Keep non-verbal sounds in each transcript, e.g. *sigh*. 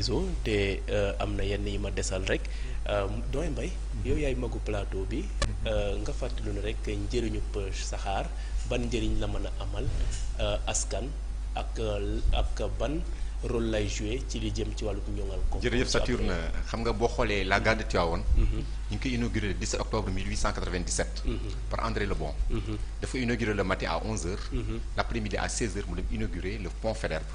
prison te euh, am na yenn yi ma desal rek euh, doy mbay mhm. yow yaay magu plateau bi mhm. euh, nga fàttali nu rek njëriñu sahar ban njëriñ la mën a amal askan ak ak ban rôle lay joué ci li jëm ci wàllu ñoŋal ko jërëjëf Saturne xam nga bo xolé la gare de Tivaouane mhm. ñu ngi koy inauguré le 17 octobre 1897 par André Le Bon dafa inauguré le matin à 11h l'après-midi à 16h mu dem inauguré le pont Federbe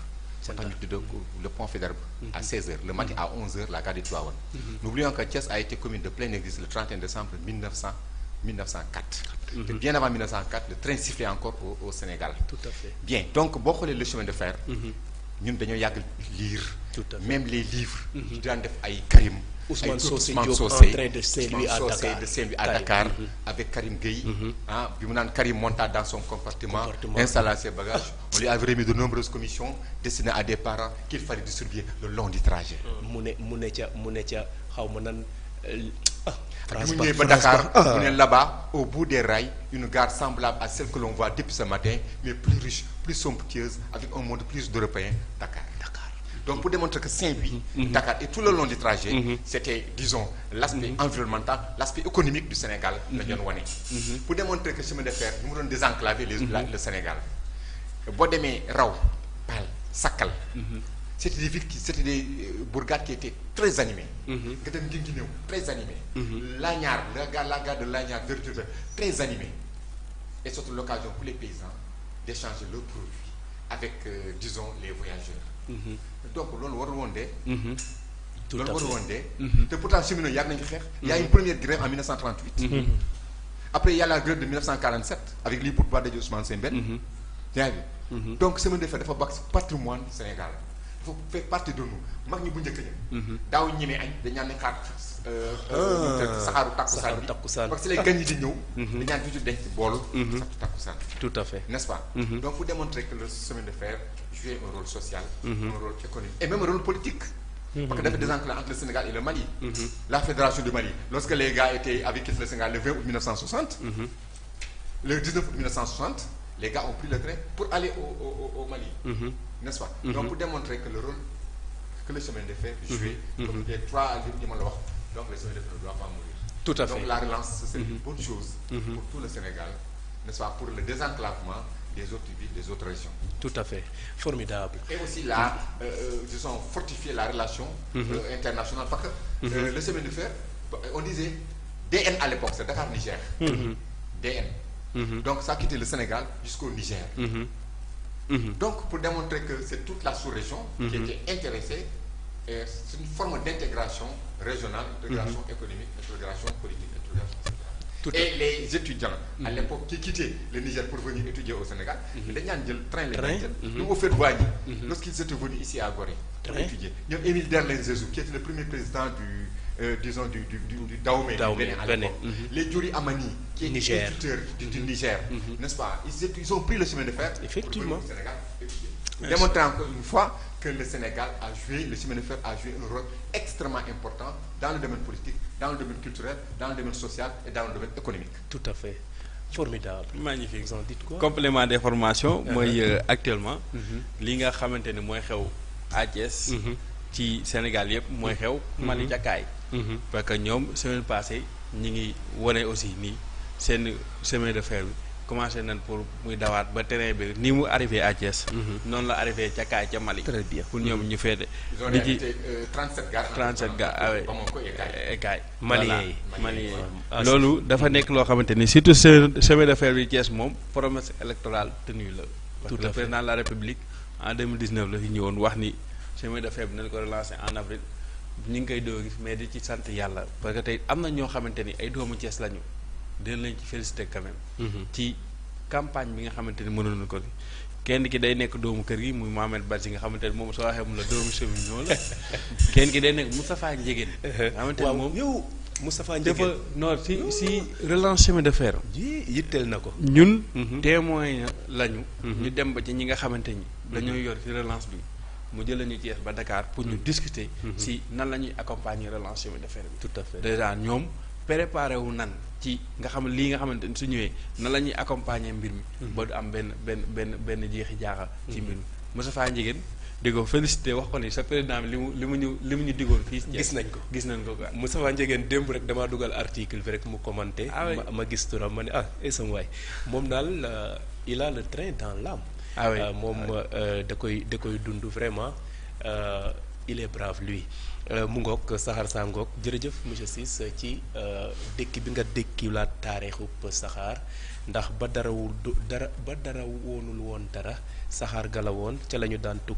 le pont Fédère à 16h, mhm. le matin à 11h, la gare de Tuaon. Mhm. N'oublions que Thiès a été commune de pleine église le 31 décembre 1904. Mhm. Bien avant 1904, le train sifflait encore au, Sénégal. Tout à fait. Bien, donc, beaucoup le chemin de fer, nous devons lire, même les livres, Ousmane Sosé, Diop en train de saint à Dakar mm-hmm. avec Karim Gueye. Mm-hmm. ah Karim monta dans son compartiment. installa ses bagages on lui avait remis de nombreuses commissions destinées à des parents qu'il fallait distribuer le long du trajet. Mm. mu ne euh, ah Dakar ah. là-bas au bout des rails une gare semblable à celle que l'on voit depuis ce matin mais plus riche plus somptueuse avec un monde plus européen Dakar. Donc pour démontrer que Saint-Louis, mhm. Dakar et tout le long du trajet, mhm. c'était, disons, l'aspect mhm. environnemental, l'aspect économique du Sénégal, le Pour démontrer que chemin de fer, nous voulons désenclaver les, le Sénégal. Bodemé, Rao, Pal, Sakal, c'était des villes qui, c'était des euh, bourgades qui étaient très animées. très animées. Lagnard, la gare de Lagnard, très animée. Et surtout l'occasion pour les paysans d'échanger leurs produits avec, euh, disons, les voyageurs. Mm-hmm. donc loolu waru woon dee. tout à fait loolu warul woon dee. Mm-hmm. Mm-hmm. te pourtant cheminots yàgg Il xeex. y a une première grève en 1938. après il y a la grève de 1947 avec lii pour Badadio Ousmane Sembène. yaa ngi donc semaine de fête dafa bokk patrimoine Sénégal dafa fait partie de nous mag ñi bu njëkk ña. daaw ñi ne añ dañ naan xaar euh, euh, ah. euh, que les mhm. mhm. tout à fait n'est-ce pas mhm. donc vous démontrez que le semaine de fer jouait un rôle social un rôle économique et même un rôle politique parce que des entre le Sénégal et le Mali la fédération du Mali lorsque les gars étaient avec le Sénégal le 20 août 1960 le 19 août 1960 les gars ont pris le train pour aller au, au, au Mali n'est-ce pas donc pour démontrer que le rôle que le chemin de fer jouait comme les trois livres yi ma donc les Sénégal ne doivent pas mourir. Tout à fait. Donc la relance, c'est une mhm. bonne chose mhm. pour tout le Sénégal, n'est-ce pas, pour le désenclavement des autres villes, des autres régions. Tout à fait. Formidable. Et aussi là, mhm. euh, euh ont fortifier la relation euh, internationale. Parce que euh, le Sénégal, on disait DN à l'époque, c'est Dakar-Niger. DN. Donc ça a quitté le Sénégal jusqu'au Niger. Donc pour démontrer que c'est toute la sous-région qui était intéressée c'est une forme d'intégration régionale, d'intégration mhm. économique, d'intégration politique, Et les étudiants, à mhm. l'époque, qui quittaient le Niger pour venir étudier au Sénégal, ils ont pris le train, les nous mhm. Lorsqu'ils étaient venus ici à Gorée pour étudier, il y a Émile Derlin Zezou, qui était le premier président du, euh, disons, du, du, Les Djuri Amani, qui est Niger. du, Niger, n'est-ce pas ils, ils, ont pris le chemin de fer Effectivement. pour Démontrant encore une fois le Sénégal a joué, le fer a joué un rôle extrêmement important dans le domaine politique, dans le domaine culturel, dans le domaine social et dans le domaine économique. Tout à fait. Formidable. Magnifique. Complément d'information, uh-huh. moi euh, actuellement, uh-huh. li nga xamantene moy xew à Thiès uh-huh. ci Sénégal yépp moy xew Mali caille Parce que ñom semaine passée ñi ngi aussi ni sen semaine de fer commencé nañ pour muy dawaat ba terrain bi ni mu arrivé à Thiès. Mhm. noonu la arrivé ca Kaay ca Mali. très bien pour ñoom ñu féete. li ci 37 gares. 37 gares ah oui Kaay. yi Malien yi ah, ah, loolu dafa nekk loo xamante ni surtout chemin de fer bi Thiès moom promesse électorale tenue la. tout le président la République en 2019 la fi ñëwoon wax ni chemin de fer bi nañ ko relancé en avril ñu ngi koy doo gis mais di ci sant yàlla parce que tey am na ñoo xamante ni ay doomu Thiès lañu. dina leen ci félicité quand même. Mm-hmm. ci campagne bi nga xamante ni mënoon na ko kenn ki day nekk doomu kër gi muy Mohamed Badji nga xamante ne moom soo waxee mu la doomu chemin ñoo la *laughs* kenn ki day nekk Moustapha Ndiéguène *laughs* nga xamante ne moom yow Moustapha Ndiéguène si si relance chemin de fer ji yitteel na ko ñun mm-hmm. témoin lañu mm-hmm. ñu dem ba ci ñi nga xamante ni dañoo yor ci relance bi mu jëlee ñu Thiès ba dakaar pour ñu discuter si nan la ñuy accompagner relance chemin de fer bi tout à fait déjà ñoom préparé wu nan ci nga xam lii nga xamante ni su ñëwee na la ñuy accompagner mbir mi. Mm-hmm. ba du am benn benn benn benn jeexi jaaxa. ci mm-hmm. mbir mi Moustapha Ndiéguène di ko félicité wax ko ni sa président bi li mu li mu ñu li mu ñu digoon fii. gis nañ ko gis nañ ko quoi. Moustapha Ndiéguène démb rek damaa dugal article bi rek mu commenté. Ah ma ma gis turam ma ne ah eh sama waay moom daal euh, il a le train dans l'âme. ah oui euh, moom ah euh, da koy da koy dund vraiment. il est brave lui euh, mungok sahar sangok saa ngoog monsieur Ciss ci euh, dëkki bi nga dëkki la taarixub sahar ndax ba darawul dara ba dara woonul woon dara sahar gala ci lañu dan ñu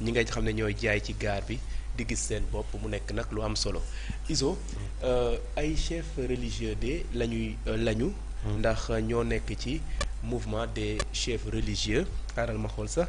ñi nga xamné ñoy jaay ci gar bi di gis sen bop mu nek nak lu am solo iso euh, ay chef religieux de la lañu ndax ño nek ci mouvement des chefs religieux xaaral ma xool sax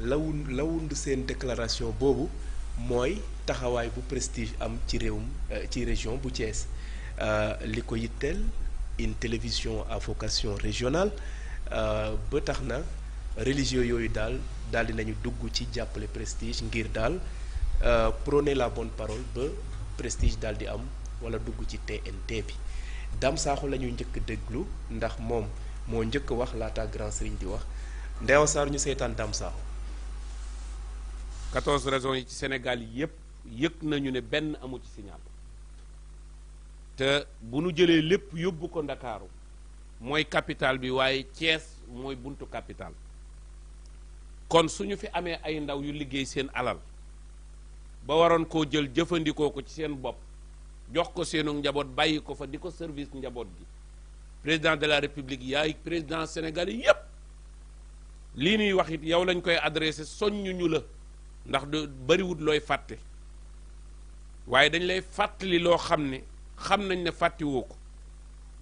lawun lawund seen déclaration boobu mooy taxawaay bu prestige am ci réewum euh, ci région bu Thiès euh, li ko yitteel une télévision à vocation régionale euh, ba tax na religieux yooyu daal daal dinañu dugg ci jàppale prestige ngir daal prôner la bonne parole ba prestige daal di am wala dugg ci TNT bi dam Sakho la ñu njëkk déglu ndax moom moo njëkk wax laata grand serigne di wax Ndeyaw Sarr ñu seetaan dam Sakho 14 raisons yi ci Sénégal yépp yëg nañu ne benn amu ci signal te bu nu jëlee lépp yóbbu ko ndakaaru mooy capital bi waaye Thiès mooy buntu capital kon suñu fi amee ay ndaw yu liggéey seen alal ba waroon koo jël jëfandikoo ko ci seen bopp jox ko seenu njaboot bàyyi ko fa di ko service njaboot gi président de la république yaay président sénégalais yépp lii nuy wax yow lañ koy adressé soññu ñu la ndax du bariwut looy fàtte waaye dañ lay fàttali loo xam ne xam nañ ne fàttiwoo ko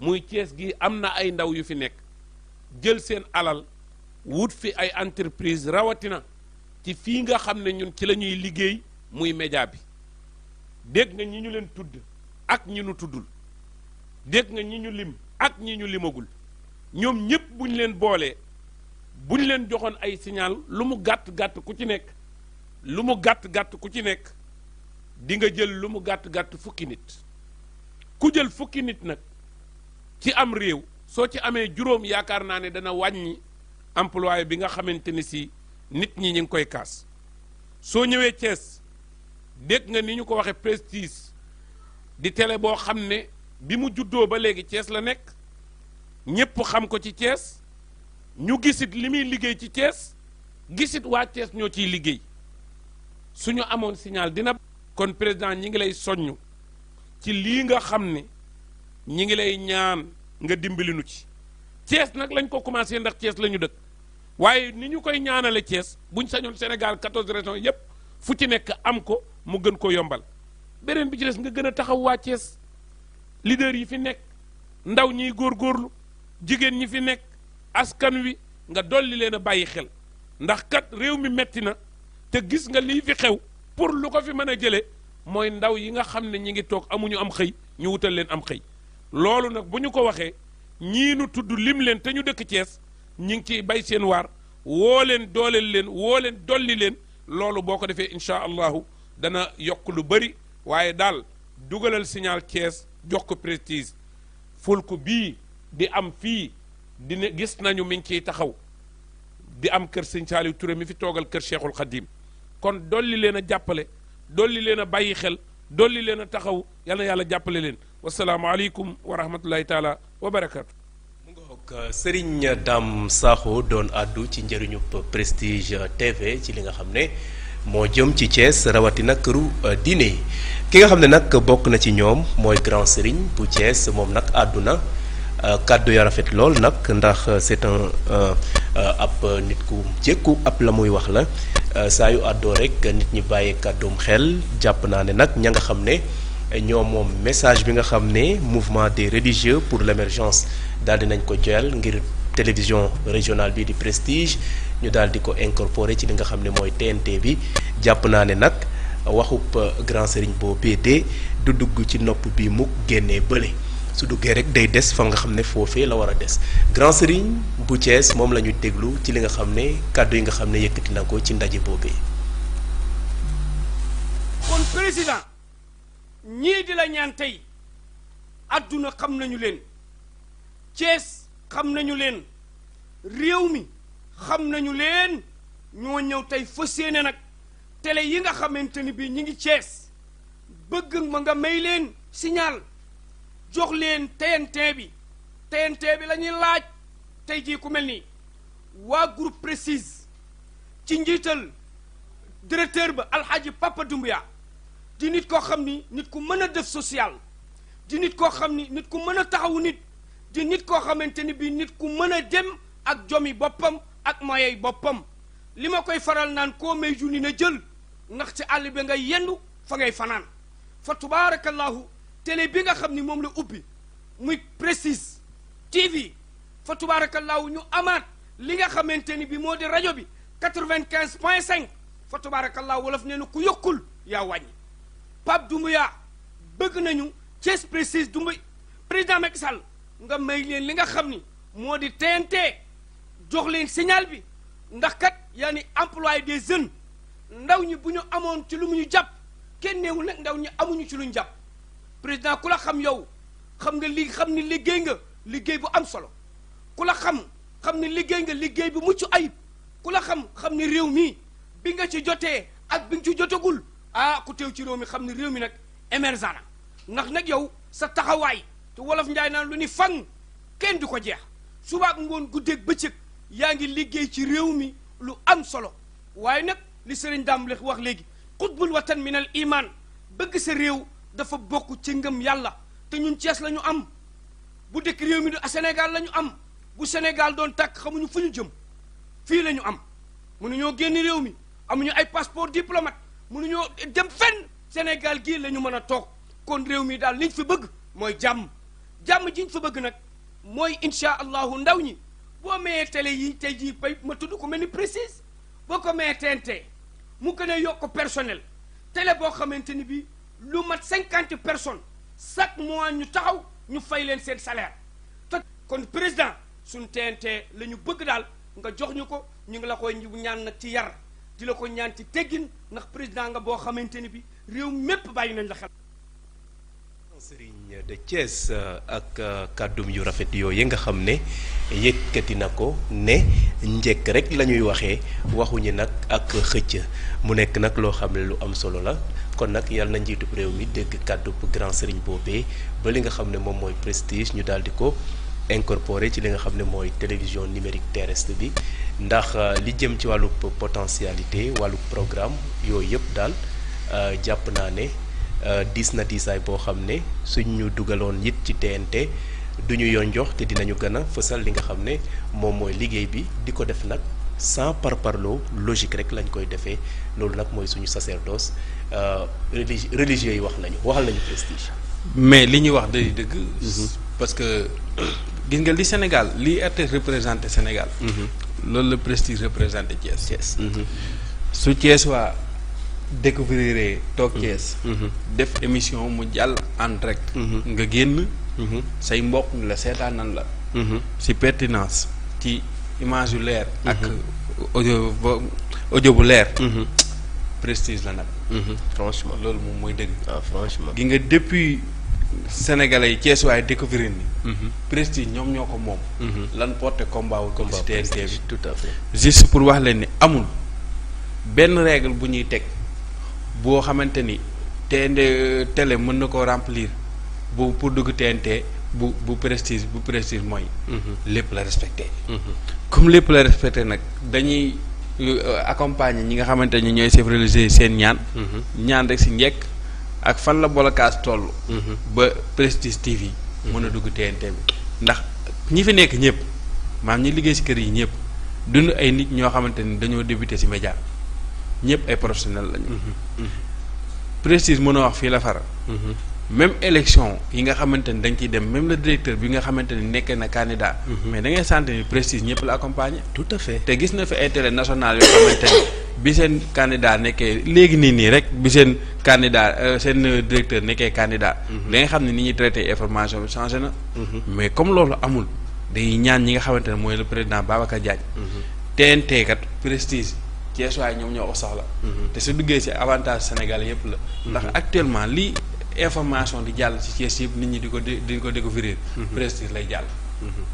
muy Cees gi am na ay ndaw yu fi nekk jël seen alal wut fi ay entreprise rawatina ci fii nga xam ne ñun ci la ñuy liggéey muy média bi dégg nga ñi ñu leen tudd ak ñi ñu tuddul dégg nga ñi ñu lim ak ñi ñu limagul ñoom ñépp bu ñu leen boolee bu ñu leen joxoon ay signal lu mu gàtt gàtt ku ci nekk lu mu gàtt-gàtt ku ci nekk di nga jël lu mu gàtt-gàtt fukki nit ku jël fukki nit nag ci am réew soo ci amee juróom yaakaar naa ne dana wàññi employé bi nga xamante ni si nit ñi ñu ngi koy kaas soo ñëwee Thiès dégg nga ni ñu ko waxee Prestige di télé boo xam ne bi mu juddoo ba léegi cees la nekk ñépp xam ko ci Thiès ñu gisit li muy liggéey ci Thiès gisit waa Thiès ñoo ciy liggéey suñu amoon signal dina. kon président ñi ngi lay soññ ci lii nga xam ne ñi ngi lay ñaan nga dimbalinu ci cees nag lañ ko commencé ndax cees la ñu dëkk waaye ni ñu koy ñaanale cees buñ sañoon Sénégal 14 régions yépp fu ci nekk am ko mu gën ko yombal beneen bi ci des nga gën a taxaw waa Thiès leader yi fi nekk ndaw ñiy góorlu jigéen ñi fi nekk askan wi nga dolli leen a bàyyi xel ndax kat réew mi metti na te gis nga lii fi xew pour lu ko fi mën a jëlee mooy ndaw yi nga xam ne ñi ngi toog amuñu am xëy ñu wutal leen am xëy loolu nag bu ñu ko waxee ñii nu tudd lim leen te ñu dëkk Cees ñi ngi ciy bay seen waar woo leen dooleel leen woo leen dolli leen loolu boo ko defee incha allahu dana yokk lu bëri waaye daal dugalal signal Cees jox ko prestige fulku bii di am fii dina gis nañu mi ngi ciy taxaw di am kër sëñ Saaliw Ture mi fi toogal kër Cheikhul Khadim kon dolli leen a jàppale dolli leen a bàyyi xel dolli leen a taxaw yal na yàlla jàppale leen wasalaamualeykum wa rahmatullahi taala wa barakaatu. Euh, Serigne Dame Sakho doon àddu ci njëriñu Prestige TV ci li nga xam ne moo jëm ci Thiès rawatina këru euh, diine ki nga xam ne nag bokk na ci ñoom mooy grand Serigne bu Thiès moom nag àdduna Euh, kàddu ya rafet lol nak ndax euh, c'est un euh, ap nit ku jëkku ab la muy wax la saa yu àddoo rek nit ñi bàyyee kàddoom xel japp naa ne nag ña nga xam ne ñoo message bi nga xam mouvement des religieux pour l'émergence dal di nañ ko joyal ngir télévision régionale bi di prestige ñu dal di ko incorporer ci li nga xam moy TNT bi japp naa ne nag waxub grand sëriñ bo pd du dugg ci nopp bi mu génnee bële su duggee rek day des fa nga xam ne foofee la war a des grand serigne bu Thiès moom lañu déglu ci li nga xam ne kàddu yi nga xam ne yëkkati na ko ci ndaje boobee. kon président ñii di la ñaan tey àdduna xam nañu leen Thiès xam nañu leen réew mi xam nañu leen ñoo ñëw tey fas yéene nag tele yi nga xamante ni bii ñu ngi Thiès bëgg ma nga may leen signal. jox leen TNT bi TNT bi lañuy laaj tey jii ku mel ni waa groupe précise ci njiital directeur ba alxaaji Papa Doumbia di nit koo xam ni nit ku mën a def social di nit koo xam ni nit ku mën a taxawu nit di nit koo xamante ni bii nit ku mën a dem ak jomi boppam ak moyey boppam li ma koy faral naan koo may junni na jël ndax ci àll bi nga yendu fa ngay fanaan fa tubaarakallaahu télé bi nga xamni mom la ubbi muy précise TV fa tubaarakallaahu ñu amaat li nga xamanteni bi modi radio bi 95.5 vingt quinze point cinq fa tubaarakallaahu wolof nee na ku yokkul yaa wàññi Pape Doumbouya bëgg nañu Thiès précise dumba président Macky Sall nga may leen li nga xamni modi TNT jox leen signal bi ndax kat yani emploi employé des jeunes ndaw ñu buñu amone ci lu mu ñu jàpp kenn neewul nag ndaw ñu amuñu ci luñu japp président ku la xam yow xam nga li xam ni liggéey nga liggéey bu am solo ku la xam xam ni liggéey nga liggéey bu mucc ayib ku la xam xam ni réew mi bi nga ci jotee ak bi nga ci jotagul ah ku teew ci réew mi xam ni réew mi nag émergent na ndax nag yow sa taxawaay te wolof njaay naan lu ni fang kenn di ko jeex subaak ngoon guddeeg bëccëg yaa ngi liggéey ci réew mi lu am solo waaye nag li sëriñ Dame wax léegi xutbul watan min al iman bëgg sa réew dafa bokk ci ngëm yàlla te ñun Cees la ñu am bu dëkk réew mi du Sénégal la am bu Sénégal doon tàkk xamuñu fu ñu jëm fii la ñu am mënuñoo génn réew mi amuñu ay passeport diplomate mënuñoo dem fenn Sénégal gii la ñu mën a toog kon réew mi daal liñ fi bëgg mooy jàmm jàmm jiñ fa bëgg nag mooy incha allahu ndaw ñi boo mayee télé yi tey ji bay ma tudd ko mel ni précise boo ko mayee mu gën a yokk personnel télé boo xamante ni bii lu mat cinquante personnes chaque mois ñu taxaw ñu fay leen seen salaire te kon président suñ teentee la ñu bëgg daal nga jox ñu ko ñu ngi la koy ñaan nag ci yar di la ko ñaan ci teggin ndax président nga boo xamante bi réew mépp bàyyi nañ la xel sëriñ de Thiès euh, ak euh, kàddum yu rafet yooyu nga xam ne yëkkati na ko ne njëkk rek la ñuy waxee waxuñu nag ak xëcc mu nekk nag loo xam ne lu am solo la kon nag yàlla na njiitu réew mi dégg kàddu bu grand sëriñ boobee ba li nga xam ne moom mooy prestige ñu daal di ko incorporé ci li nga xam ne mooy télévision numérique terrestre bi ndax euh, li jëm ci wàllu potentialité wàllu programme yooyu yëpp daal euh, jàpp naa ne euh, diis na diisaay boo xam ne suñ ñu dugaloon it ci TNT du ñu yoon jox te dinañu gën a fësal li nga xam ne moom mooy liggéey bi di ko def nag. sans parlo logique rek lañ koy défé lolu nak moy suñu sacerdoce euh religieux yi wax nañu waxal nañu prestige. mais li wax day deug mhm. parce que *clears throat* gis nga li Sénégal li était représenté Sénégal. Mhm. lolu le prestige représenté Thiès. Thiès mhm. su Thiès wa découvrir toog Thiès. def émission mu jàll en direct. nga génn. say mbokk la sétan nan la. si pertinence ci. image yu leer. Mhm. ak audio ba audio bu leer. Mhm. prestige la nag. Mhm. franchement loolu moom mooy dëgg. waaw ah, franchement gi nga depuis sénégalais yi Thiès waaye découvrir ni. prestige ñoom ñoo ko moom. lan porté combat wu comme si TNT bi tout à fait. juste pour wax leen ni amul benn règle bu ñuy teg boo xamante ni TNT télé mën na koo remplir bu pour dugg TNT bu bu prestige bu prestige mooy. lépp la respecté. comme lépp la respecté nag dañuy euh, accompagne ñi nga xamante ni ñooy chefs seen ñaan. Mm-hmm. ñaan rek si njëkk ak fan la bolokaas toll. Mm-hmm. ba Prestige TV. Mm-hmm. mën a dugg TNT bi ndax ñi fi nekk ñëpp maam ñi liggéey si kër yi ñëpp dund ay nit ñoo xamante ni dañoo débuté si média ñëpp ay professionnels lañu. Prestige mën wax fii la fara. même élection yi nga xamante dañ ci dem même le directeur bi nga xamante ni na candidat mhm. mais da ngay sentir prestige ñëpp la accompagner tout à fait te gis na fi intérêt national yoo xamante bi seen candidat nekkee léegi nii nii rek bi seen candidat euh, seen directeur nekkee candidat mhm. da nga xam ne ni ñuy traité information bi changé na mhm. mais comme loolu amul day ñaan ñi nga xamante ne mooy le président Babacar Diagne TNT kat prestige ci waay ñoom ñoo ko soxla te su duggee ci avantage sénégalais yëpp la ndax actuellement lii information di jàll ci Thiès yëpp nit ñi di ko di di ko découvrir. Mhm. Prestige lay jàll. Mhm.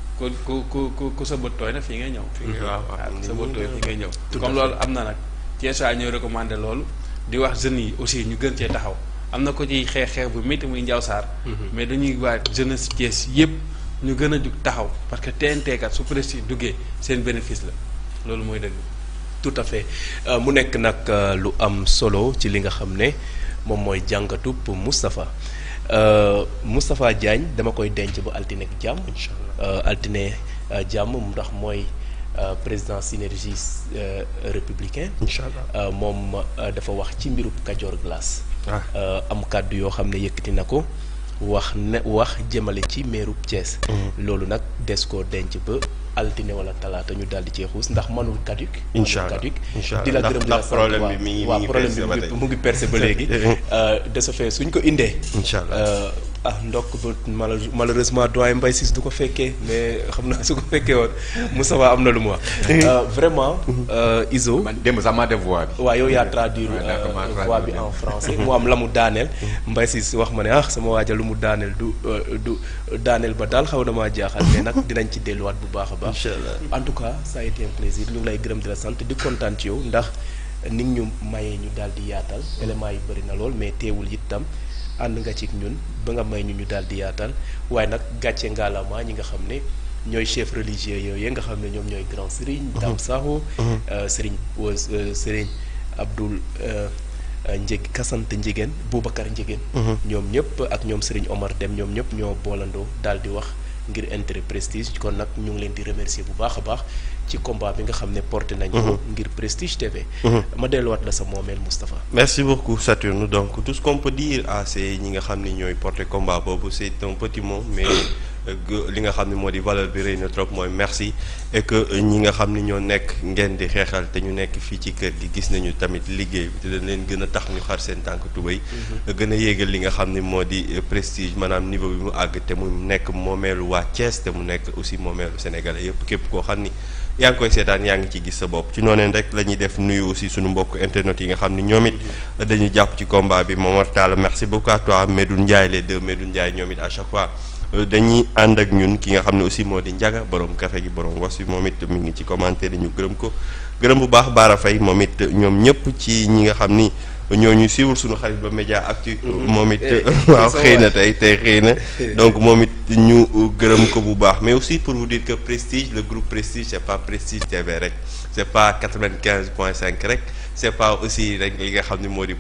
ku ku ku ku sa bët tooy na fii ngay ñëw. Mhm. fii ngay waaw waaw sa bët tooy fii ngay ñëw. comme loolu am na nag Thiès waa ñoo recommandé loolu di wax jeunes yi aussi ñu gën cee taxaw am na ko ciy xeex xeex bu métti muy Ndiaw Sarr. mais dañuy waa jeunesse Thiès yëpp ñu gën a jug taxaw parce que TNT su Prestige duggee seen bénéfice la loolu mooy dëgg. tout à fait euh, mu nekk nag euh, lu am solo ci li nga xam ne. moom mooy jàngatu pour Moustapha eh, Moustapha Diagne dama koy denc ba altine jam jàmm eh, altine eh, jàmm ndax mooy président synergie républicain moom dafa wax ci mbirub Kajoor Glace ah. am kàddu yoo xam ne yëkkati wax ne wax jëmale ci meerub Thiès mm. loolu nag des denc altine wala talaata ñu daal di cee xuus ndax manul caduc incha allah caduc la gërëm di la problème bi mi ngi mu ngi percé ba léegi *laughs* euh, de ce fait suñ ko indee incha allah euh, ah ndokk ba malheureusement doyen Mbaye Ciss du ko fekke mais xam naa su ko fekke won Moussa Ba am na lu mu wax. Euh, vraiment. euh, Izo man démb sax maa def voix bi. waaw yow yaa traduire euh, voix bi en français mu am la mu daaneel. Mbaye wax mané ah sama waaja lu mu daaneel du euh, du danel ba daal xaw na maa mais nag dinañ ci wat bu baax a baax. en tout cas ça a été un plaisir ñu lay gërem de la sante di kontaan ci yow ndax nit ñu mayee ñu daal di yaatal éléments yi bari na lool mais teewul itam. ànd nga ci ñun ba nga may ñu ñu daal di yaatal waaye nag gàcce ngaalama ñi nga xam ne ñooy chef religieux yooyu nga xam ne ñoom ñooy grand Serigne. Mhm. Dame sëriñ mhm. euh, Serigne euh, Serigne Abdoul euh, Njég Kasante Njigéen Boubacar Njigéen. Mhm. ñoom ñëpp ak ñoom sëriñ Omar Dem ñoom ñëpp ñoo boolandoo daal di wax. ngir intérêt prestige kon nak ñu ngi leen di remercier bu baax a baax ci combat bi nga xam ne porté nañ mhm. ngir prestige TV mhm. ma delluwaat la sa moomeel Moustapha merci beaucoup Saturne donc tout ce qu'on peut dire à ces ñi nga xam ne ñooy porté combat boobu c'est un petit mot mais li nga xamni modi moo valeur bi reyna trop moy merci et que ñi nga xamni ño nek nekk ngeen di xéxal té ñu nek fi ci kër gi gis nañu tamit liggéey bi te dañ leen gëna tax ñu xar seen tank tubéy mm-hmm. gëna yéggal li nga xamni modi euh, prestige manam niveau bi mu ag té mu nek moomeelu wa Thiès té mu nek aussi moomeelu sénégalais yépp képp ko xamni ni yaa ngi koy seetaan yaa ngi ci gis sa bop ci nooneen rek lañuy def nuyu aussi suñu mbokk internet yi nga xamni ñomit dañuy japp ci combat bi Momar tal merci beaucoup à toi medou Ndiaye les deux medou ndjay ñomit à chaque fois Euh, dañuy ànd ak ñun ki nga xam ne aussi moo di njaga borom kafe gi borom was bi moom it mi ngi ci commentaire ñu gërëm ko gërëm bu baax Baara fay moom it ñoom ñëpp ci ñi nga xam ni ñoo ñooñu siiwul suñu xarit ba ak actu mm-hmm. moom it eh, *laughs* waaw xëy na tey tey xëy na *laughs* donc moom it ñu gërëm ko bu baax mais aussi pour wu dire que Prestige le groupe Prestige c'est pas Prestige TV rek c'est pas 95 point 5 rek c'est pas aussi rek li nga xamni modi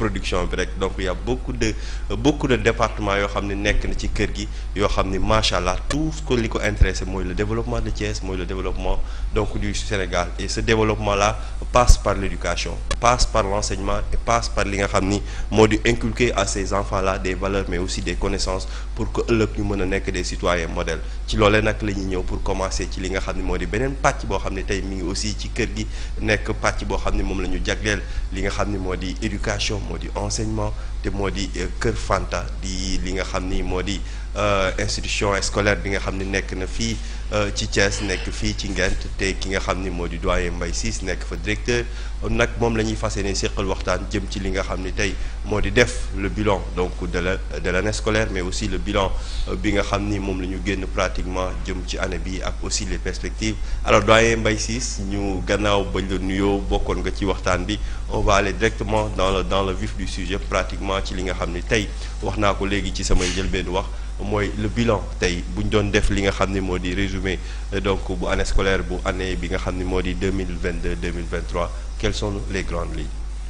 production bi rek donc il y a beaucoup de beaucoup de départements yo xamni nek na ci kër gi yo xamni machallah tout ce qui li ko intéressé moy le développement de Thiès moy le développement donc du Sénégal et ce développement là passe par l'éducation passe par l'enseignement et passe par li nga xamni modi inculquer à ces enfants là des valeurs mais aussi des connaissances pour que ëllëg ñu mën nek des citoyens modèles ci lolé nak lañu ñëw pour commencer ci li nga xamni modi benen patch bo xamni tay aussi ci kër gi nek patch bo xamni moom je jagleel li nga xam ni moo éducation modi enseignement de modi cœur euh, Fanta di li nga xamni modi euh institution scolaire bi nga xamni nek na fi euh, ci Thiès nek fi ci Ngent te ki nga xamni modi doyen Mbaye Ciss nek fa directeur nak mom lañuy ñuy fas waxtan jëm ci li nga xamni tay modi def le bilan donc de la de l'année scolaire mais aussi le bilan euh, bi nga xamni mom moom la pratiquement jëm ci année bi ak aussi les perspectives alors doyen Mbaye Ciss ñu gannaaw bañ la nuyoo bokkoon nga ci waxtan bi on va aller directement dans le dans le vif du sujet pratiquement effectivement ci li nga xam tay waxna ko légui ci sama njëlbeenu wax moy le bilan tay buñ doon def li nga xam modi résumé euh, donc bu année scolaire bu année bi nga xam modi 2022-2023 quelles sont les grandes lignes.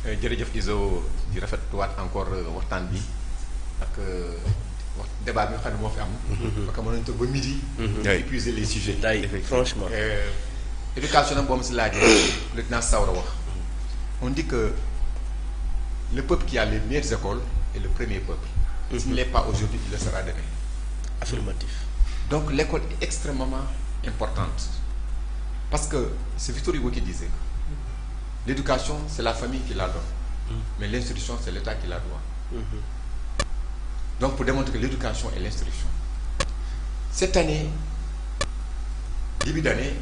Euh, jërëjëf iso di rafet rafetluwaat encore euh, waxtaan bi ak wax débat bi nga xam ne fi am. Mm-hmm. parce que mën nañu toog ba midi. day mm-hmm. épuiser les sujets. tay franchement. éducation nag boo ma si le lieutenant Sawra wax on dit que le peuple qui a les meilleures écoles est le premier peuple. Il ne mhm. n'est pas aujourd'hui, il le sera demain. Affirmatif. Donc l'école est extrêmement importante. Parce que c'est Victor Hugo qui disait l'éducation, c'est la famille qui la donne. Mhm. Mais l'instruction, c'est l'État qui la doit. Mhm. Donc pour démontrer que l'éducation est l'instruction. Cette année, début d'année,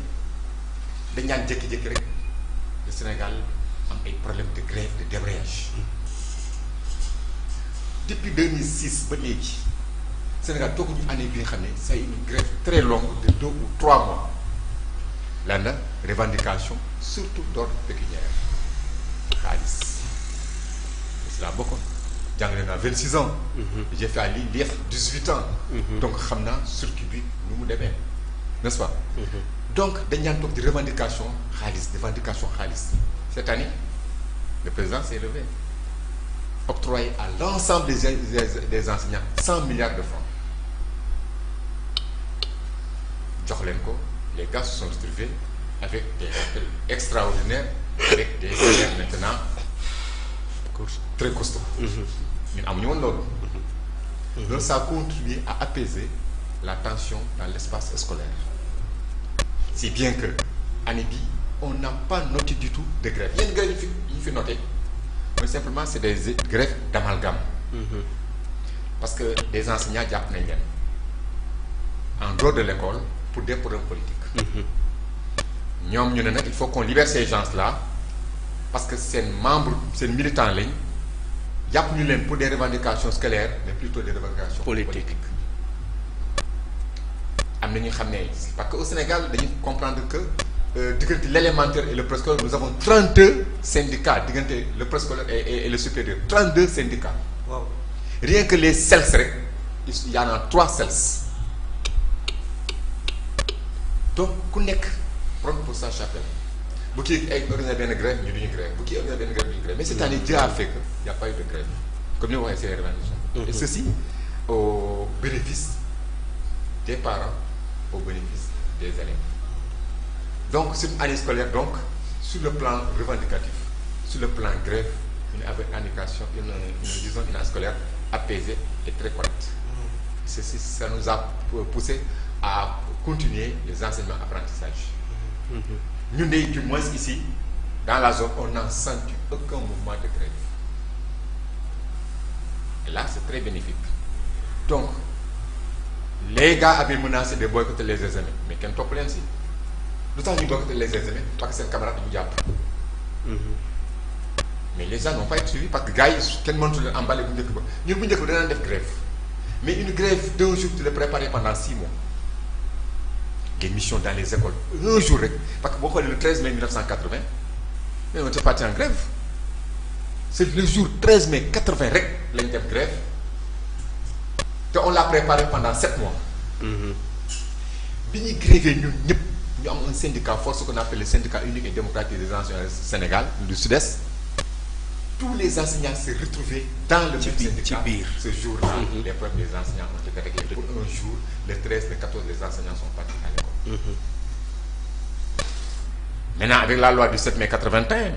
le Sénégal a des problèmes de grève, de débrayage depuis 2006 Sénégal année c'est une grève très longue de deux ou trois mois Là, la revendication surtout d'ordre pécuniaire Khalis. C'est là beaucoup. J'ai 26 ans. Mhm. j'ai fait à 18 ans. Mhm. donc je sais ce bi nous mu n'est-ce pas. Mhm. donc dañ di revendication de revendication cette année le président s'est levé octroyé à l'ensemble des, enseignants 100 milliards de francs. Djoklenko, les gars se sont retrouvés avec des rappels extraordinaires, avec des salaires maintenant très costauds. Mhm. Mhm. Donc ça a contribué à apaiser la tension dans l'espace scolaire. Si bien que, à Nibi, on n'a pas noté du tout de grève. Il y a une grève, il fait noter. Mais simplement c'est des greffes d'amalgame mhm. parce que des enseignants qui en dehors de l'école pour des problèmes politiques Ils mhm. ñu il faut qu'on libère ces gens-là parce que ces membre c'est militant Il jàpp ñu plus pour des revendications scolaires mais plutôt des revendications politiques am parce qu'au au Sénégal faut comprendre que euh, l'élémentaire et le préscolaire nous avons 32 syndicats le préscolaire et, et, le supérieur 32 syndicats. rien que les CELS il y en a 3 CELS. donc ku est prendre pour sa chapelle vous qui avez bien une grève ñu une grève grève grève mais cette année Dieu a fait qu'il n'y a pas eu de grève comme nous, essayé de de ça et ceci au bénéfice des parents au bénéfice des élèves. Donc, cette année scolaire, donc, sur le plan revendicatif, sur le plan grève, une indication, une, année scolaire apaisée et très correcte. Mm. Ceci, ça nous a poussé à continuer les enseignements apprentissage. Mm-hmm. Mm-hmm. Nous Nous, du moins ici, dans la zone, on n'a senti aucun mouvement de grève. Et là, c'est très bénéfique. Donc, les gars avaient menacé de boycotter les examens, mais qu'un top ainsi. Nous avons dit que les examens parce que c'est le camarade a jàpp hmm. mais les gens n'ont pas été suivis parce que gars quel monde en bas emballé bu nous ba dit grève mais une grève deux jours, tu l'as préparé pendant six mois des missions dans les écoles un jour parce que le 13 mai 1980 mais on était parti en grève c'est le jour 13 mai 80 L'intergrève. grève on l'a préparé pendant sept mois hmm. bi ñuy grévé nous, nous avons un syndicat force qu'on appelle le syndicat unique et démocratique des enseignants du Sénégal du Sud-Est tous les enseignants se retrouvaient dans le même syndicat ce jour-là mm-hmm. les problèmes des enseignants ont été pour un jour les 13 les 14 les enseignants sont partis à l'école mm-hmm. maintenant avec la loi du 7 mai 81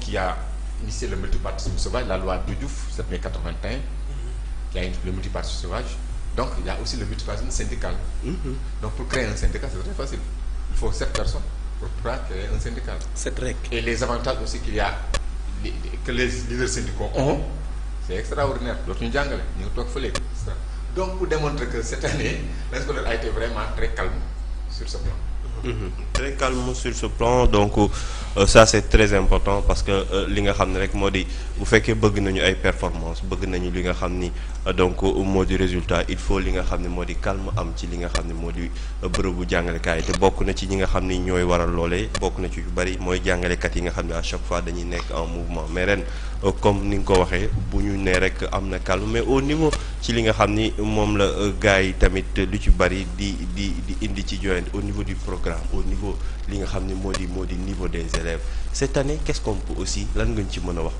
qui a initié le multipartisme sauvage la loi de 7 mai 81 qui mm-hmm. a initié le multipartisme sauvage donc il y a aussi le but de faire une syndicale mhm. Donc pour créer un syndicat, c'est très facile. Il faut sept personnes pour créer un syndicat. C'est très Et les avantages aussi qu'il y a, que les leaders syndicaux ont, uh-huh. c'est extraordinaire. Donc nous Donc pour démontrer que cette année, la a été vraiment très calme sur ce plan. Mhm. Très calme sur ce plan. Donc euh, ça c'est très important parce que euh, li nga xam rek que bu fekkee bëgg nañu ay performance bëgg nañu li nga euh, donc modi résultat il faut li nga xamni ne calme am ci li nga ne moo di na ci nga ni waral lolé bokku na ci yu bari jàngalé kat yi nga chaque fois dañuy nekk en mouvement mais ren comme ni ko waxé bu calme mais au niveau ci li la tamit lu bari di di di au niveau du programme au niveau li niveau des élèves cette année qu'est-ce qu'on peut aussi lan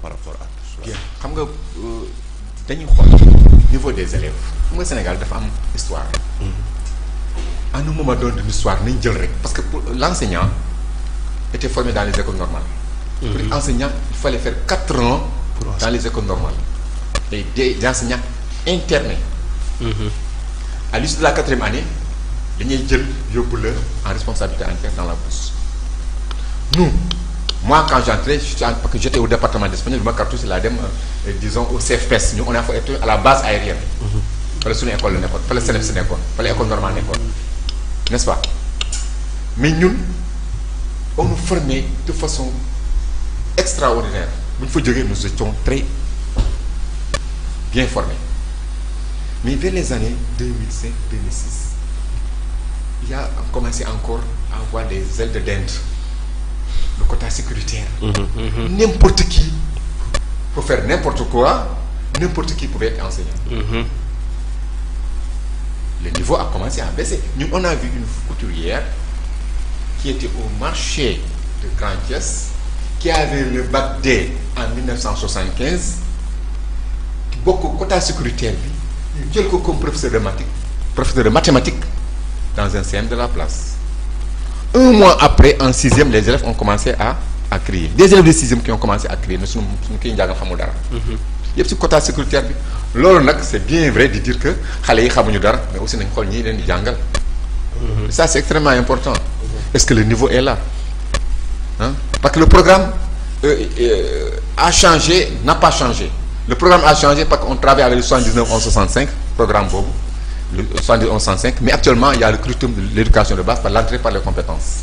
par rapport à ça. Euh, niveau des élèves Sénégal, il Sénégal a am histoire. à un m'a donné une histoire nañ jël parce que l'enseignant était formé dans les écoles normales. Mm-hmm. l'enseignant il fallait faire 4 ans. dans les écoles normales. et des enseignants internés. Mm-hmm. à l'issue de la quatrième année en responsabilité interne dans la bourse nous moi quand j'entrais parce que j'étais au département d'espagne bi ma kartu la dame et disons au CFPES nous on a fait été à la base aérienne Pas mhm. suñu école la le fala pas pas nekkoon école normale n'est-ce pas mais nous on nous formait de façon extraordinaire Il faut dire que nous étions très bien formés mais vers les années 2005 2006 il a commencé encore à avoir des ailes de dente le quota sécuritaire. Mhm, mhm. N'importe qui pour faire n'importe quoi, n'importe qui pouvait être enseignant. Mhm. Le niveau a commencé à baisser. Nous, on a vu une couturière qui était au marché de grand qui avait le bac D en 1975, beaucoup quota sécuritaire, quelque comme professeur de mathématiques dans un CM de la place. Un mois après, en sixième, les élèves ont commencé à, à crier. Des élèves de sixième qui ont commencé à crier. Nous sommes qui Il y a petit quota sécuritaire. C'est bien vrai de dire que les gens ne mais aussi ils ne savent pas. Ça, c'est extrêmement important. Mhm. Est-ce que le niveau est là hein? Parce que le programme euh, euh, a changé, n'a pas changé. Le programme a changé parce qu'on travaille avec le 79-165, programme Bobo le 105, mais actuellement, il y a le curriculum de l'éducation de base par l'entrée par les compétences.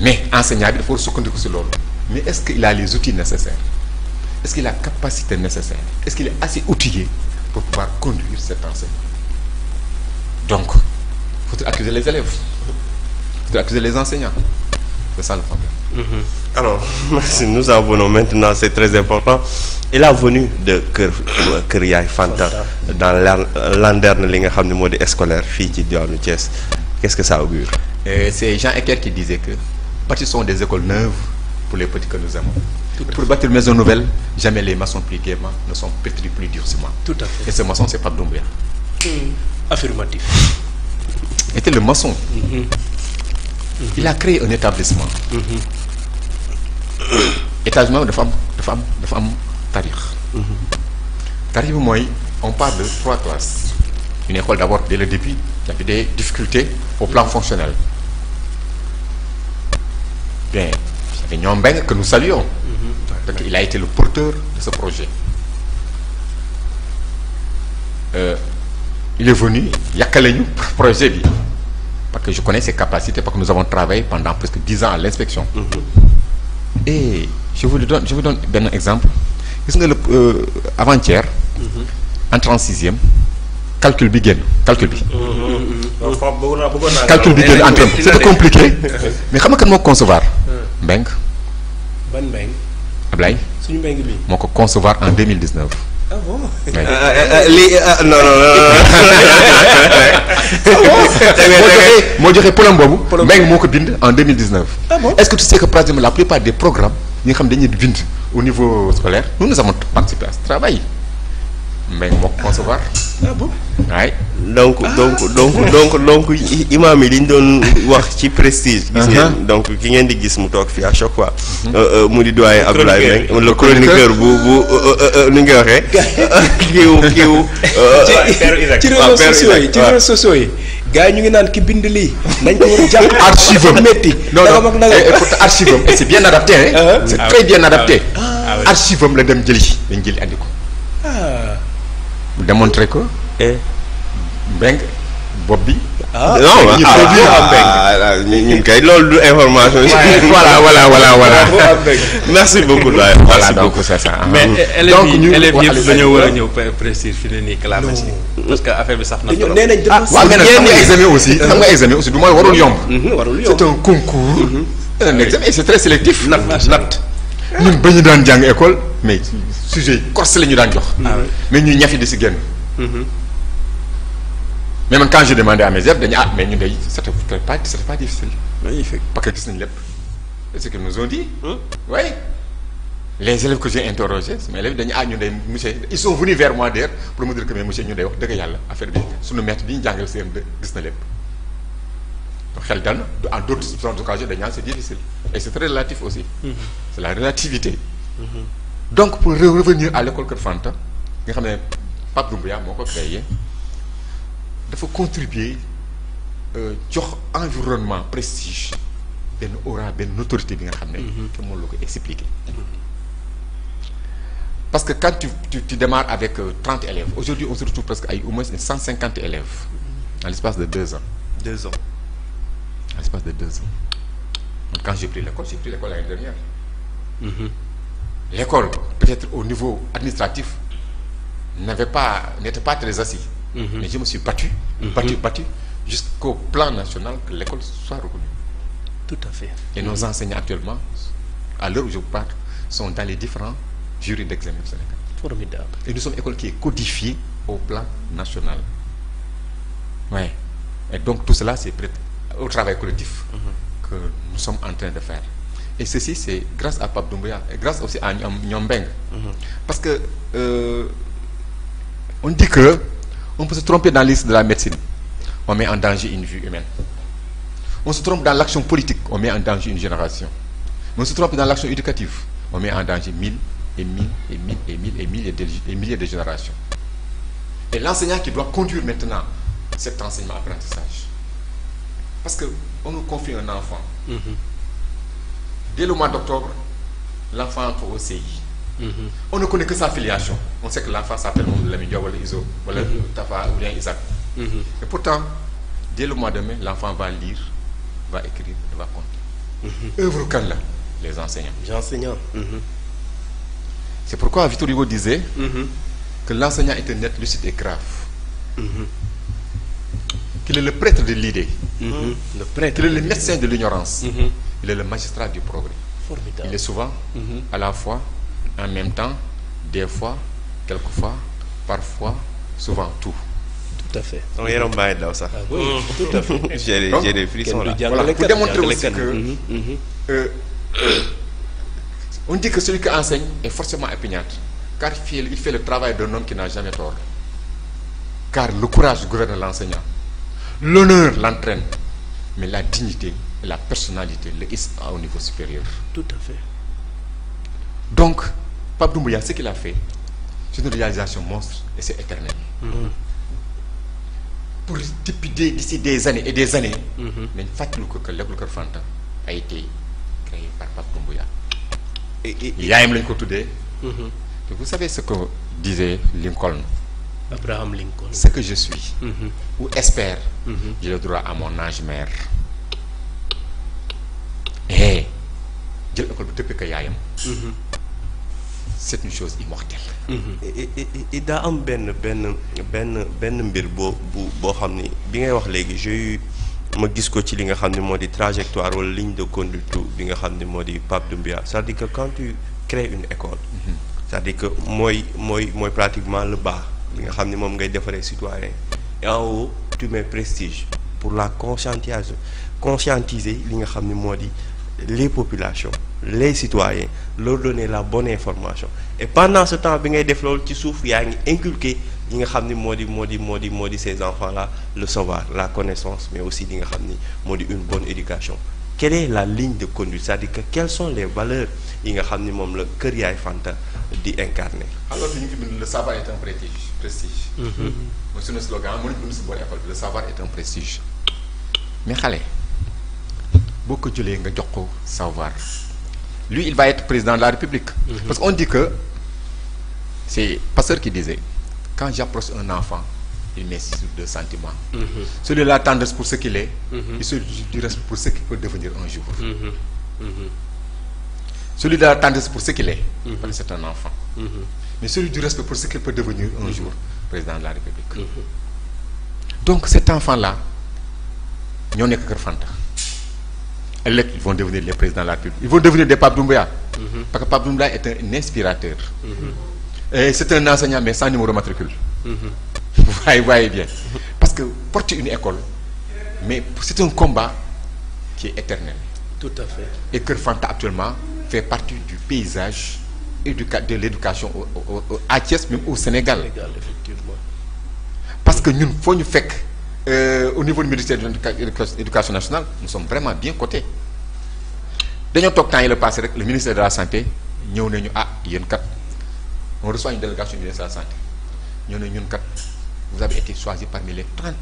Mais enseignable, il faut se conduire sur Mais est-ce qu'il a les outils nécessaires Est-ce qu'il a la capacité nécessaire Est-ce qu'il est assez outillé pour pouvoir conduire cet enseignement Donc, il faut accuser les élèves. Il faut accuser les enseignants. C'est ça le problème. Mm-hmm. Alors, si *laughs* Nous avons maintenant, c'est très important, et la venue de Kër euh, Fanta dans l'année li nga mode ne scolaire fii ci qu'est-ce que ça augure c'est Jean Ecker qui disait que bâtissons des écoles neuves pour les petits que nous aimons. pour bâtir une maison nouvelle, jamais les maçons plus gaiement hein, ne sont pétris plus durcement. Tout à fait. Et ce maçon, c'est pas d'ombre. Hmm. Affirmatif. Affirmatif. Était le maçon. Mm-hmm. Il a créé un établissement. Mm-hmm états de femmes de femmes de femmes tarifs Tarifs on parle de trois classes une école d'abord dès le début il y avait des difficultés au plan fonctionnel bien c'est avait que nous saluons mhm. il a été le porteur de ce projet euh, il est venu il pour le projet parce que je connais ses capacités parce que nous avons travaillé pendant presque dix ans à l'inspection mhm et eh, je vous le donne je vous donne benn exemple gis nga le euh, avant-hier. Mhm. en 36e calcul bi génn calcul bi. Mhm, mhm. calcul bi génn en terme compliqué *laughs* mais xam nga kan moo concevoir. Hmm. beng ban beng Ablaye. suñu beng bi moko concevoir en 2019. Hmm. Ah bon euh, euh, euh, non, non. plan ah *laughs* ah boobu moi, moo ko bind en 2019 ah est-ce que tu sais que la plupart des programmes nous sommes au niveau scolaire nous nous avons participé à ce travail Mbengue moo ko concevoir. ah bon ah. donc donc donc donc donc imaam yi li doon wax ci prestige. gis ngeen uh-huh. donc ki ngeen di gis mu toog fii à chaque fois. Uh-huh. Euh, euh, mu di doyen Abdoulaye Mbengue le chroniqueur bu bu euh, nu nga waxee. *laughs* kiiw kiiw. *laughs* ci ci réseaux sociaux yi. gaa yi ñu ngi naan ki bind lii nañ ko war *laughs* a jàpp archive am métti non non eh, archive am c'est bien adapté hein ah. très bien adapté ah. archive la dem jël dañ jëli andi ko démontrer que et eh. Bobby. *laughs* voilà voilà voilà voilà. merci beaucoup c'est ça. Hein. mais aussi euh, mhm, c'est un concours. Mhm. c'est très sélectif. école mais sujet corsé corse la ñu jox. Ah mais ñuy ñafi di si génn. Mm-hmm. mais quand j'ai demandé à mes élèves dañu ah mais ñu day c'était pas c'était pas difficile. fait pas que gis nañ lep. c'est ce qu'ils nous ont dit. Hein? oui les élèves que j'ai interrogés mes élèves dañu ah ñu day monsieur ils sont venus vers moi d'ailleurs pour me dire que mais monsieur ñu day wax dëgg yàlla affaire bi suñu maître bi ñu jàngal de gis na lep xel dal en d'autres occasions dañu c'est difficile et c'est très relatif aussi. Mm-hmm. c'est la relativité. Mm-hmm donc pour revenir à l'école que Fanta il faut Pape faut contribuer à euh, environnement prestige à aura à autorité bi nga mhm. expliquer parce que quand tu, tu, démarres avec 30 euh, élèves aujourd'hui on se retrouve presque ay au moins 150 élèves en l'espace de deux ans deux ans en l'espace de deux ans quand j'ai pris l'école j'ai pris l'école l'année dernière mhm l'école, peut-être au niveau administratif, n'avait pas, n'était pas très assis. Mhm. Mais je me suis battu, mhm. battu, battu, jusqu'au plan national que l'école soit reconnue. Tout à fait. Et nos enseignants actuellement, à l'heure où je parle, sont dans les différents jurys d'examen Formidable. Et nous sommes une école qui est codifiée au plan national. Oui. Et donc tout cela, c'est au travail collectif mhm. que nous sommes en train de faire. Et ceci, c'est grâce à Pape Doumbouya et grâce aussi à Nyombeng. Mhm. Parce que euh, on dit que on peut se tromper dans l'histoire de la médecine. On met en danger une vie humaine. On se trompe dans l'action politique. On met en danger une génération. On se trompe dans l'action éducative. On met en danger mille et mille et mille et mille et, mille et, milliers de générations. Et l'enseignant qui doit conduire maintenant cet enseignement-apprentissage. Parce qu'on nous confie un enfant. Mhm dès le mois d'octobre, l'enfant entre au CI. Mhm. On ne connaît que sa filiation. On sait que l'enfant s'appelle Lamine ou Iso, ou ou bien Isaac. Mhm. Et pourtant, dès le mois de mai, l'enfant va lire, va écrire, et va compter. Mhm. Œuvre Les enseignants. Les enseignants. C'est pourquoi Victor Hugo disait que l'enseignant était net, lucide et grave. Qu'il est le prêtre de l'idée. Le prêtre. Il est le médecin de l'ignorance il est le magistrat du progrès. Il est souvent, mhm. à la fois, en même temps, des fois, quelquefois, parfois, souvent, tout. Tout à fait. On ça. Ah oui. Mm. tout à fait. J'ai des frissons là. Voilà. Pour démontrer aussi que mhm, mhm. Euh, on dit que celui qui enseigne est forcément opiniâtre, car il fait le travail d'un homme qui n'a jamais tort. Car le courage gouverne l'enseignant, l'honneur l'entraîne, mais la dignité la personnalité, le is au niveau supérieur. Tout à fait. Donc, Pape Doumbouya, ce qu'il a fait, c'est une réalisation monstre et c'est éternel. Mhm. pour -hmm. Pour d'ici des années et des années, mhm. mais mm -hmm. que cœur Fanta a été créé par Pape Doumbouya. Et, Il y a un Today. Vous savez ce que disait Lincoln Abraham Lincoln. Ce que je suis, mhm. ou espère, j'ai le droit à mon âge mère eh jël école bi dëppee ko yaayam. Mhm. c'est une chose immortelle. Mhm. et daa am benn benn benn benn mbir boo bu boo xam ni bi ngay wax léegi j'ai ma gis ko ci li nga xam ne moo di trajectoire wala ligne de conduite bi nga xam ne moo di Pape Doumbia c'est-à-dire que quand tu crées une école. Mhm. c'est-à-dire que mooy mooy mooy pratiquement le bas li nga xam ne moom ngay defaree citoyen et en haut tu mets prestige pour la conscientiser conscientiser li nga xam ne moo di les populations les citoyens leur donner la bonne information et pendant ce temps il y a des ci qui souffrent, ngi inculquer li nga modi, modi, ces enfants là le savoir la connaissance mais aussi une bonne éducation quelle est la ligne de conduite c'est-à-dire que quelles sont les valeurs yi nga xam ni le le Yaay Fanta di incarner. le savoir est un prestige mm-hmm. slogan le savoir est un prestige mais allez que savoir lui il va être président de la République mhm. parce qu'on dit que c'est Pasteur qui disait quand j'approche un enfant il m'inspire de sentiments mhm. celui la tendresse pour ce qu'il est et celui du respect pour ce qu'il peut devenir un jour mhm. celui de la tendresse pour ce qu'il est c'est un enfant mais celui du respect pour ce qu'il peut devenir un jour président de la République donc cet enfant là en a Fanta ils vont devenir les présidents de la République ils vont devenir des Pape mhm. parce que Pape est un inspirateur. Mhm. c'est un enseignant mais sans numéro matricule. Mhm. *laughs* vous voyez, bien parce que porter une école mais c'est un combat qui est éternel. tout à fait et que Fanta actuellement fait partie du paysage de l'éducation au, à Thiès même au Sénégal. parce que nous faut nous euh, au niveau du ministère de l'éducation nationale nous sommes vraiment bien cotés Dès toog temps il le passé le ministère de la santé nous nañu ah, on reçoit une délégation du ministère de la santé vous avez été choisi parmi les 30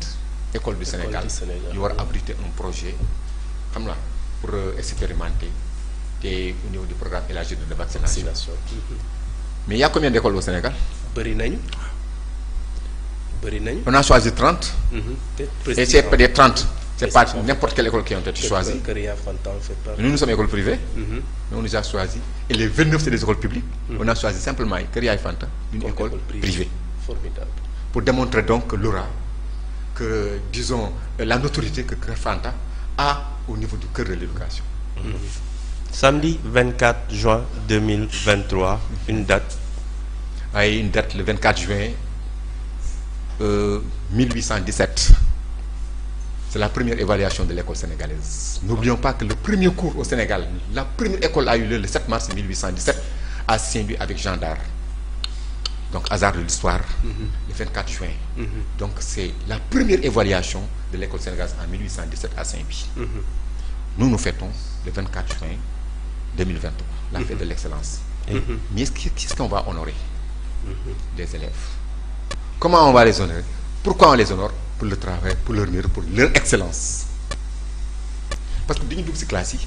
écoles du Sénégal qui war abrité un projet comme là pour euh, expérimenter au niveau du programme élargi de vaccination mais il y a combien d'écoles au Sénégal on a choisi 30. Mhm. et c'est pas des 30. c'est pas n'importe quelle école qui ont été choisies. nous nous sommes école privée. Mhm. mais on nous a choisi et les 29 c'est des écoles publiques. Mhm. on a choisi simplement Fanta. une école privée formidable. pour démontrer donc l'aura que disons la notoriété que Kër Fanta a au niveau du cœur de l'éducation. Samedi 24 juin 2023, une date. une date le 24 juin 1817. Euh, c'est la première évaluation de l'école sénégalaise. N'oublions pas que le premier cours au Sénégal, la première école a eu lieu le 7 mars 1817 à Saint-Louis avec Jean Donc, hasard de l'histoire, mhm. le 24 juin. Mhm. Donc, c'est la première évaluation de l'école sénégalaise en 1817 à Saint-Louis. Mhm. Nous, nous fêtons le 24 juin 2023, la fête de l'excellence. Mais qu'est-ce qu'on va honorer Les élèves. Comment on va les honorer Pourquoi on les honore Pour le travail, pour leur mérite, pour leur excellence. Parce que dans le classique,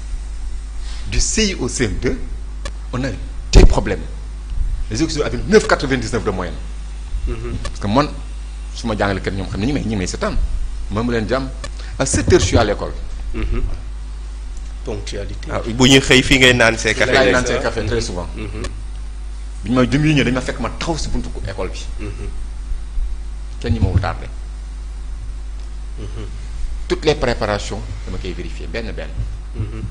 du CI au CM2, on a des problèmes. Les étudiants avaient 9,99 de moyenne. Mm-hmm. Parce que moi, je suis allé à l'école, je suis 7 ans. à 7 heures, je suis à l'école. Mm -hmm. Ponctualité. Ah, si vous avez fait un café. très mm-hmm. souvent. Je suis venu, je suis fait un café. Je suis venu à l'école. Mhm. toutes les préparations Je vais vérifier vérifié mhm.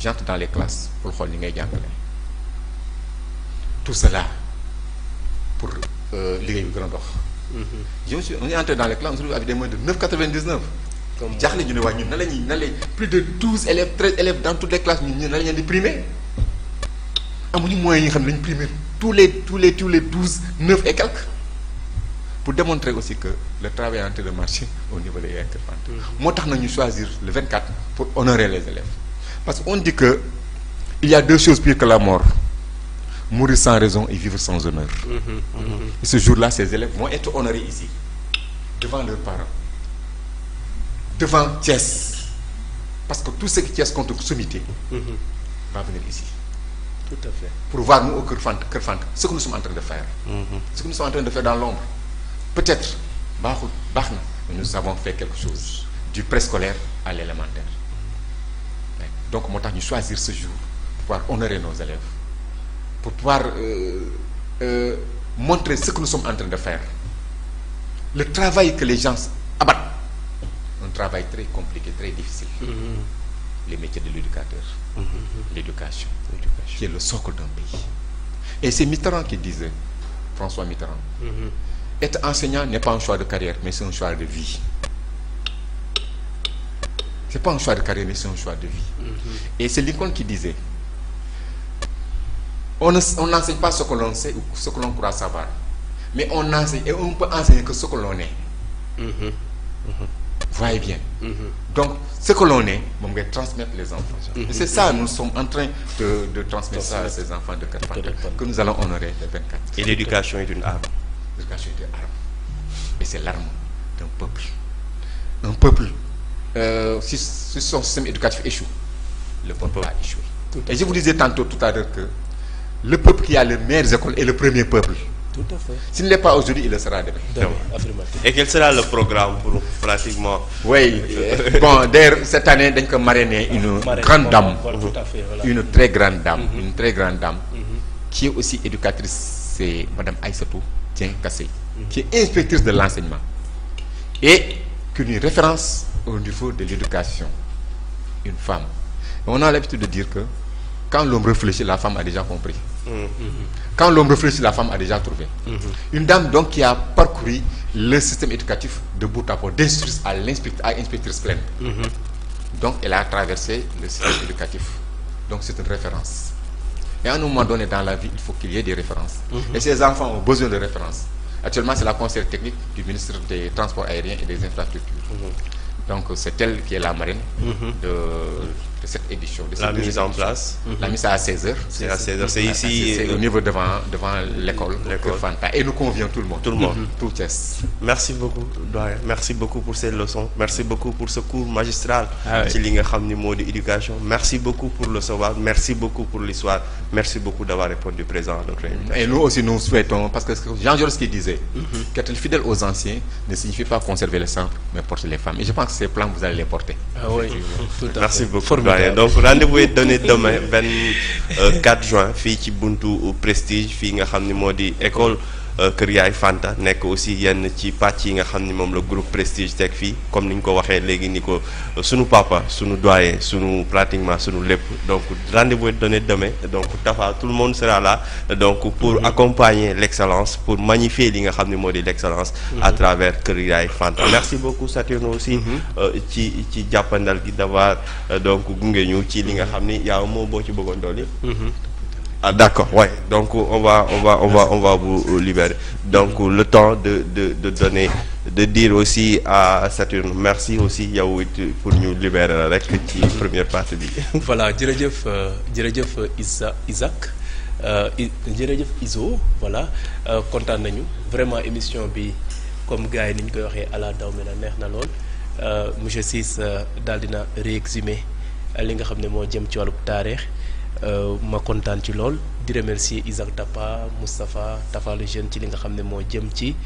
j'entre dans les classes pour xool ni ngay jàngale tout cela pour euh, mhm. je suis on est entré dans les classes on avec des moyens de 9,99 jaaxle ñu ne plus de 12 élèves 13 élèves dans toutes les classes ñun nan des di primer amuñu moyens de primer tous les tous les tous les 12 9 et quelques pour démontrer aussi que le travail est en train de marcher au niveau des intéressantes. Moi, nous choisir le 24 pour honorer les élèves. Parce qu'on dit que il y a deux choses pires que la mort. Mourir sans raison et vivre sans honneur. Mm-hmm. Mm-hmm. Et ce jour-là, ces élèves vont être honorés ici, devant leurs parents, devant Thiès. Parce que tout ce qui Thiès compte sommité mm-hmm. va venir ici. Tout à fait. Pour voir nous au curfante, ce que nous sommes en train de faire. Ce que nous sommes en train de faire dans l'ombre peut-être nous avons fait quelque chose du préscolaire à l'élémentaire donc on avons choisir ce jour pour pouvoir honorer nos élèves pour pouvoir euh, euh, montrer ce que nous sommes en train de faire le travail que les gens abattent un travail très compliqué très difficile mm-hmm. les métiers de l'éducateur mm-hmm. l'éducation qui est le socle d'un pays et c'est Mitterrand qui disait François Mitterrand mm-hmm être enseignant n'est pas un choix de carrière, mais c'est un choix de vie. Ce n'est pas un choix de carrière, mais c'est un choix de vie. Mm-hmm. Et c'est l'icône qui disait on n'enseigne pas ce que l'on sait ou ce que l'on croit savoir, mais on enseigne et on peut enseigner que ce que l'on est. Mm-hmm. Mm-hmm. Voyez bien. Donc, ce que l'on est, on va transmettre les enfants. c'est ça, nous sommes en train de, transmettre ça à ces enfants de 4 ans, que nous allons honorer les 24. Et l'éducation est une âme et c'est l'arme d'un peuple. Un peuple, euh, si, son système éducatif échoue, le peuple va échouer. Et je vous disais tantôt tout à l'heure que le peuple qui a les meilleures écoles est le premier peuple. Tout à fait. S'il n'est pas aujourd'hui, il le sera demain. Et quel sera le programme pour pratiquement Oui. *laughs* bon, d'ailleurs, cette année, donc, est une grande dame. Une très grande dame. Mm-hmm. Une très grande dame. Mm-hmm. Qui est aussi éducatrice, c'est Madame Aïssatou. Tiens Kassé, mhm. qui est inspectrice de l'enseignement et qui une référence au niveau de l'éducation. Une femme. on a l'habitude de dire que quand l'homme réfléchit, la femme a déjà compris. Mhm. Quand l'homme réfléchit, la femme a déjà trouvé. Mhm. Une dame donc qui a parcouru le système éducatif de bout à bout, à, l'inspectrice pleine. Donc elle a traversé le système éducatif. Donc c'est une référence. Et à un moment donné dans la vie, il faut qu'il y ait des références. Mhm. Et ces enfants ont besoin de références. Actuellement, c'est la conseil technique du ministre des Transports aériens et des Infrastructures. Mhm. Donc, c'est elle qui est la marine mhm. de de cette édition. De cette la mise en place. La mise à 16h. C'est ici. C'est au niveau devant, devant l'école. Et nous convient tout le monde. Tout le monde. Mhm. Tout est. Merci beaucoup, Doyen. Merci beaucoup pour ces leçons. Merci beaucoup pour ce cours magistral. Ah Merci beaucoup pour le savoir. Merci beaucoup pour l'histoire. Merci beaucoup d'avoir répondu présent à notre Et nous aussi, nous souhaitons, parce que Jean Jaurès qui disait, mhm. qu'être fidèle aux anciens ne signifie pas conserver les simples, mais porter les femmes. Et je pense que ces plans, vous allez les porter. Ah oui, Merci beaucoup donc rendez-vous est donné demain 24 euh, juin fi ci buntu Prestige fille nga xamni ni école euh, Kër Yaay Fanta nekk aussi yenn ci pàcc yi nga xam ni moom la groupe Prestige teg fii comme ni ñu ko waxee léegi ni ko euh, sunu papa sunu doyen sunu pratiquement sunu lépp donc rendez-vous est donné demain donc Tafa tout le monde sera là donc pour accompagner l'excellence pour magnifier li nga xam ni l'excellence mhm. à travers Kër Yaay Fanta *coughs* merci beaucoup Saturno aussi mhm. euh, ci ci jàppandal gi d'avoir donc gunge ñu ci li nga mhm. xam ni yaa moo boo ci bëggoon dool ah d'accord, ouais. Donc on va on va on va on va vous libérer. Donc le temps de, de, donner de dire aussi à Saturne merci aussi yow pour nous libérer avec la première partie *laughs* Voilà, jërëjëf euh, Isaac euh, jërëjëf Iso voilà content euh, de nous. vraiment émission bi comme Gaël yi et ñu koy la ala na monsieur Ciss Daldina, dina li nga Euh, ma kontaan ci lool di remercier Isaac Tapa Moustapha Tafa le jeune ci li nga xam ne moo jëm ci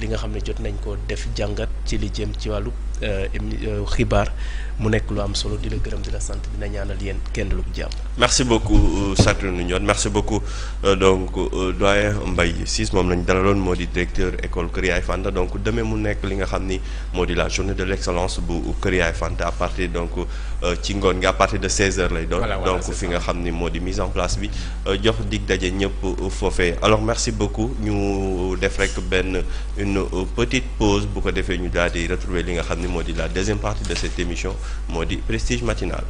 li nga xam ne jot nañ ko def jàngat ci li jëm ci wàllu Euh, euh, xibaar mu nekk lu am solo di la gërëm di la sant dina ñaanal yéen kenn lu jàmm. merci beaucoup euh, Saturne Ndione merci beaucoup donc doyen Mbaye Ciss moom lañ dalaloon moo di directeur école Kër Fanta donc demee mu nekk li nga xam ni moo di la journée de l' excellence bu Kër Fanta à partir donc ci ngoon nga à partir de 16h lay doon. donc fi nga xam ni moo di mise en place bi jox dig daje ñëpp foofee alors merci beaucoup ñu def rek benn une petite pause bu ko defee ñu daal di retrouver li nga xam ni la deuxième partie de cette émission Maudit prestige matinal